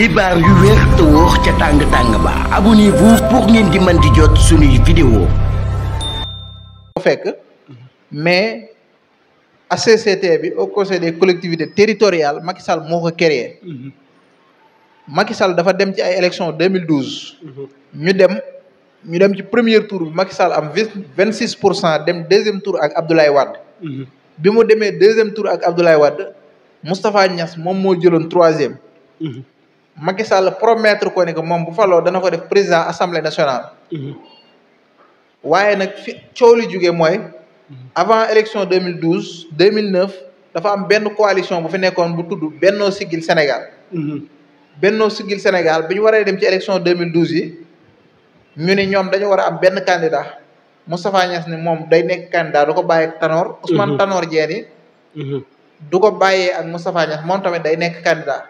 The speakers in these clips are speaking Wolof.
xibaar yu wér te wóor ca tang tang ba abonnez-vous pour ngeen di man di jot suñu vidéo fekk mais HCCT bi au conseil des collectivités territoriales Macky Sall requéré. ko a Macky Sall dafa dem ci ay élections 2012 ñu dem ñu dem ci premier tour Macky Sall am 26% dem deuxième tour ak Abdoulaye Wade bi mu deuxième tour ak Abdoulaye Wade Mustapha Niass mom mo jëlone troisième Macky Sall promettre ko ni ko moom bu faloo dana ko def président assemblée nationale. Mhm. waaye nag fi coow li jugee mooy. Mhm. avant élection mille 2009 dafa am benn coalition bu fi nekkoon bu tudd benno Siggil Sénégal. Mhm. Bennoo Siggil Sénégal bi ñu waree dem ci élection 2012 yi ñu ni ñoom dañu war a am benn candidat Moustapha Niass ni moom day nekk candidat du ko bàyyee ak Tanor. Ousmane Tanor Dieng du ko bàyyee ak Moustapha Niass moom tamit day nekk candidat.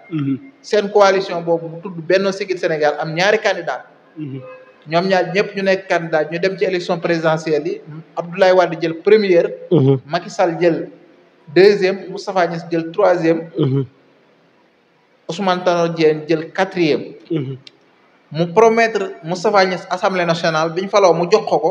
seen coalition boobu mu tudd Benno Siggil Sénégal am ñaari candidat mhm. ñoom ñaar ñëpp ñu nekk candidat ñu dem ci élection présidentielle yi mhm. Abdoulaye di jël première mhm. Macky Sall jël deuxième Moustapha Niass jël troisième Ousmane Tanor jël quatrième mu promettre Moustapha Niass assemblée nationale bi ñu faloo mu jox ko ko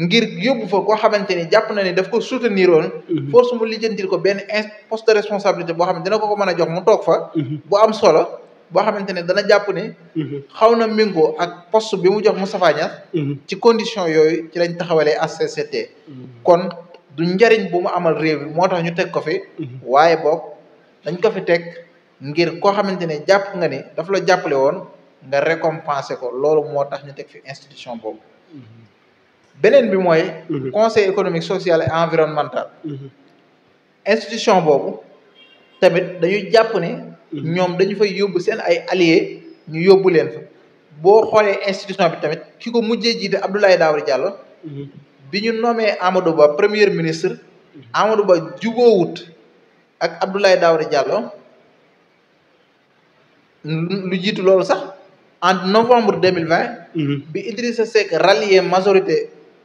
ngir yóbbu fa koo xamante ni jàpp na ne daf ko soutenir woon mhm. force mu lijjantil ko benn poste de responsabilité boo xam ne dina ko ko mën a jox mu toog fa mhm. bu am solo boo xamante ne dana jàpp ne mhm. xaw na méngoo ak poste bi mu jox Moustapha Niasse ci condition yooyu ci lañ taxawalee HCCT kon du njariñ bu mu amal réew bi moo tax ñu teg ko fi waaye boog dañ ko fi teg ngir koo xamante ne jàpp nga ni daf la jàppale woon nga récompenser ko loolu moo tax ñu teg fi institution boobu benen bi mooy. Mhm. conseil économique social et environnemental. Mhm. institution boobu tamit dañu jàpp ne. Mhm. ñoom dañu fay yóbbu seen ay alliés ñu yóbbu leen fa. boo xoolee institution bi tamit ki ko mujjee jiite Abdoulaye Daouda Diallo. bi ñu nommé Amadou Ba premier ministre. Amadou Ba juboowut ak Abdoulaye Daouda Diallo lu jiitu loolu sax en novembre 2020, bi Idrissa Seck rallié majorité.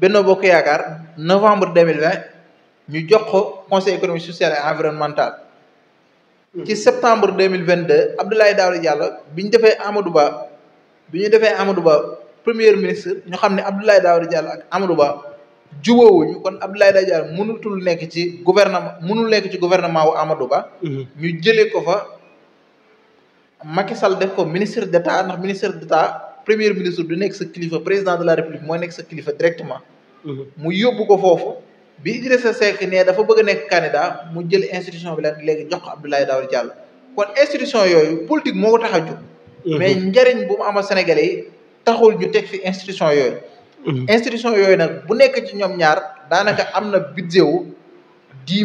benn Bokk Yaakaar novembre deux mille vingt ñu jox ko conseil économique social et environnemental. Hmm. ci septembre deux mille vingt deux Abdoulaye Daouda Diallo bi ñu defee Amadou Ba bi ñu defee Amadou Ba premier ministre ñu xam ne daaw di jàll ak Amadou Ba jubóowuñu kon Abdoulaye Daouda Diallo mënutul nekk ci gouvernement mënul nekk ci gouvernement wu Amadou Ba. Hmm. ñu jëlee ko fa Macky def ko ministre d' état ndax ministre d' premier ministre du nekk sa kilifa président de la république mooy nekk sa kilifa directement. Mhm. mu yóbbu ko fofu bi Idrissa Seck ne dafa bëgg a nekk candidat mu jël institution bi la légui jox ko Abdoulaye Daouda Diallo kon institution yooyu politique moko taxaw tax mhm. mais njariñ bu mu am Sénégalais taxul ñu tek fi institution yooyu. Mhm. institution yooyu nak bu nekk ci ñom ñaar danaka amna budget wu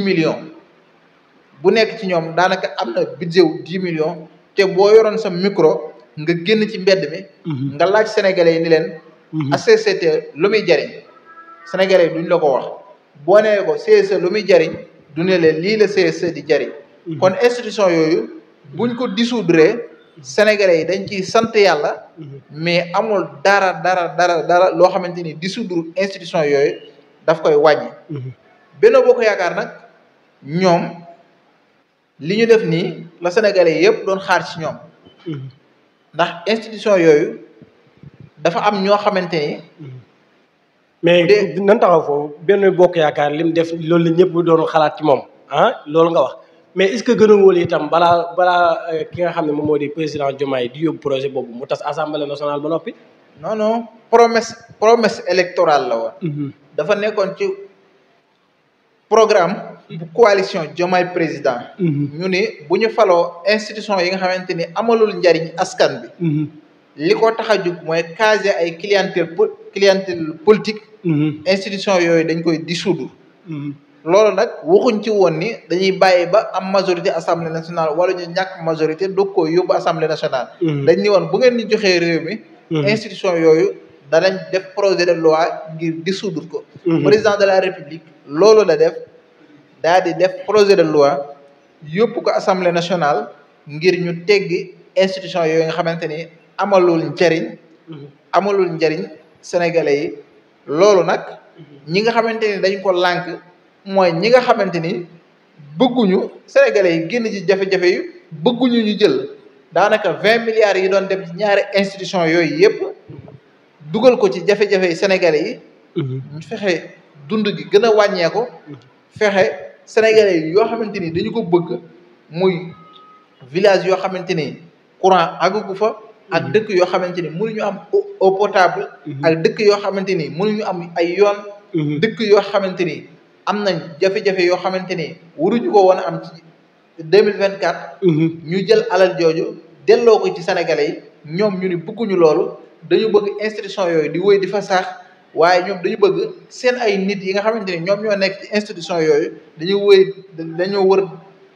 millions. bu nekk ci ñom danaka amna budget wu millions te bo yoron sa micro nga génn ci mbedd mi. Mhm. nga laaj sénégalais yi ni leen. HCCT mhm. lu muy jariñ sénégalais duñ la ko wax boo nee ko CSE lu muy jariñ du ne leen lii la CSE di jariñ. Mhm. kon institution yooyu buñ ko dissoudre sénégalais yi dañ ciy sant yàlla. mais amul dara dara dara dara loo xamante ni dissoudre institution yooyu daf koy wàññi. Benno Bokk Yaakaar nag ñoom li ñu def nii la sénégalais yëpp doon xaar ci ñoom. ndax institution yooyu dafa am ñoo xamante ni. mais nan taxaw foofu benn bokk yaakaar lim def loolu la ñëpp doon xalaat ci moom ah loolu nga wax mais est-ce que gën a wóol itam balaa balaa euh, ki nga xam ne moom moo di président Diomaye di yóbbu projet boobu mu tas assemblée nationale ba noppi. non non promesse promesse électorale la woon. Mhm. dafa nekkoon ci programme. bu coalition Diomaye président mhm. ñu ne bu ñu faloo institution yi nga xamante ni amalul njariñ askan bi mhm. li ko tax a jug mooy caser ay clientèle clientèle politique mhm. institution yooyu dañ koy dissoudre loolu nag waxuñ ci woon ni dañuy bàyyi ba am majorité assemblée nationale wala ñu ñàkk majorité doog koo yóbbu assemblée nationale dañ ni woon bu ngeen ñu joxee réew mi institution yooyu danañ def projet de loi ngir dissoudre ko président de la république loolu la def daa di def projet de loi yóbbu ko assemblée nationale ngir ñu teggi institution yooyu nga xamante ni amalul njariñ mhm. amalul njariñ sénégalais yi loolu nag mhm. ñi nga xamante ni dañ ko lànk mooy ñi nga xamante ni bëgguñu sénégalais yi génn ci jafe-jafe yi bëgguñu ñu jël daanaka vingt milliards yi doon dem ci ñaari institution yooyu yëpp dugal ko ci jafe-jafe yi sénégalais yi mhm. fexe dund gi gën a wàññeeku fexe sénégalais yoo xamante ni dañu ko bëgg muy village yoo xamante ni courant àggu fa ak mhm. dëkk yoo xamante ni mënuñu am potable mhm. ak dëkk yoo xamante ni mënuñu am ay yoon mhm. dëkk yoo xamante ni am nañ jafe-jafe yoo xamante ni waruñu ko woon a am ci deux mille vingt quatre ñu jël alal jooju delloo ko ci sénégalais yi ñoom ñu ni bëgguñu loolu dañu bëgg instruction yooyu di wéy di fa saax waaye ñoom dañu bëgg seen ay nit yi nga xamante ni ñoom ñoo nekk ci institution yooyu dañu wëy dañoo wër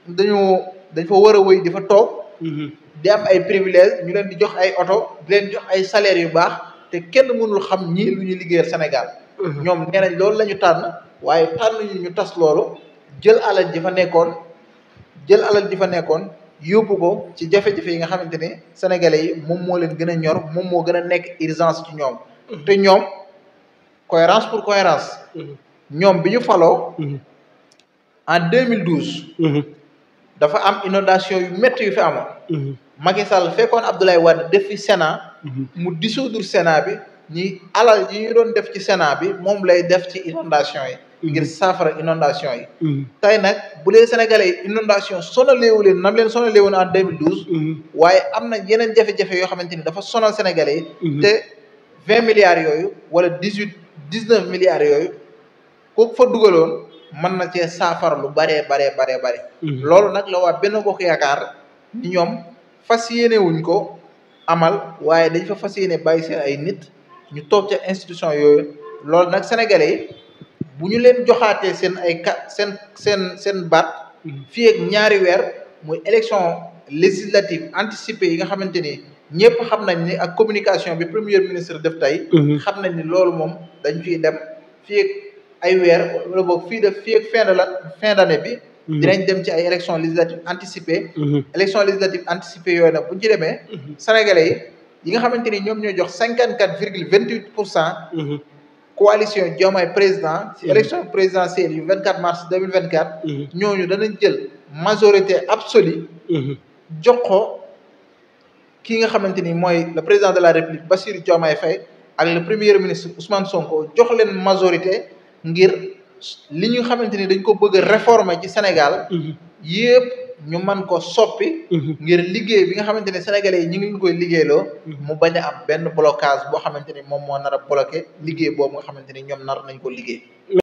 dañoo dañ fa war a wëy di fa toog mhm. di am ay privilège ñu leen di jox ay oto di leen jox ay salaire yu baax te kenn mënul xam ñii lu ñuy liggéeyal Sénégal mhm. ñoom nee nañ loolu lañu tànn waaye tànn ñu ñu tas loolu jël alal ji fa nekkoon jël alal ji fa nekkoon yóbbu ko ci jafe-jafe yi nga xamante ne sénégalais yi moom moo leen gën a ñor moom moo gën a nekk urgence ñoom mhm. te ñoom cohérence pour cohérence mhm. ñoom bi ñu mhm. en 2012 mhm. dafa am inondation yu métti yu fi amoon Macky Sall fekkoon Abdoulaye Wade def fi Sénat mu dissoudre Sénat bi ñi alal yi ñu doon def ci Sénat bi mom lay def ci inondation yi ngir saafara inondation yi tay nak bu Sénégalais inondation inondation sonalewu len nam leen sonalewu en 2012 waye am yenen jafé jafé yo xamanteni dafa sonal Sénégalais té 20 milliards yoyu, wala 18. dix-neuf milliards yooyu kooku fa dugaloon mën na cee saafara lu baree baree baree bare mhm. loolu nag la waa benn bokk yaakaar ni ñoom fas yéene ko amal waaye dañ fa fas yéene bàyyi seen ay nit ñu toog ca institution yooyu loolu nag sénégalais yi bu ñu leen joxaatee seen ay kat seen seen seen baat mhm. fii ñaari weer muy élection législative anticipée yi nga xamante ni ñëpp xam nañ ni ak communication bi premier ministre def tey. Mhm. xam nañ ni loolu moom dañ fiy dem fii ak ay weer wala boog fii def fii ak fin de la fin d'année bi. Mhm. dinañ dem ci ay élections législatives anticipées. Mhm. élections législatives anticipées yooyu nag bu ci demee. sénégalais yi yi nga xamante ni ñoom ñoo jox cinquante quatre virgule vingt pour cent. coalition président. élection présidentielle yu 24 mars 2024 mille vingt ñooñu danañ jël majorité absolue. jox ko kii nga xamante ni mooy le président de la république Bassirou Diomaye fay ak le premier ministre Ousmane Sonko jox leen majorité ngir li ñu xamante ni dañ ko bëgg réformer ci Sénégal. Mhm. yépp ñu man ko soppi. Mhm. ngir liggéey bi nga xamante ni sénégalais yi ñu ngi koy liggéeyloo. Mhm. mu bañ a am benn blocage boo xamante ni moom moo nar a bloqué liggéey boobu nga xamante ni ñoom nar nañ ko liggéey.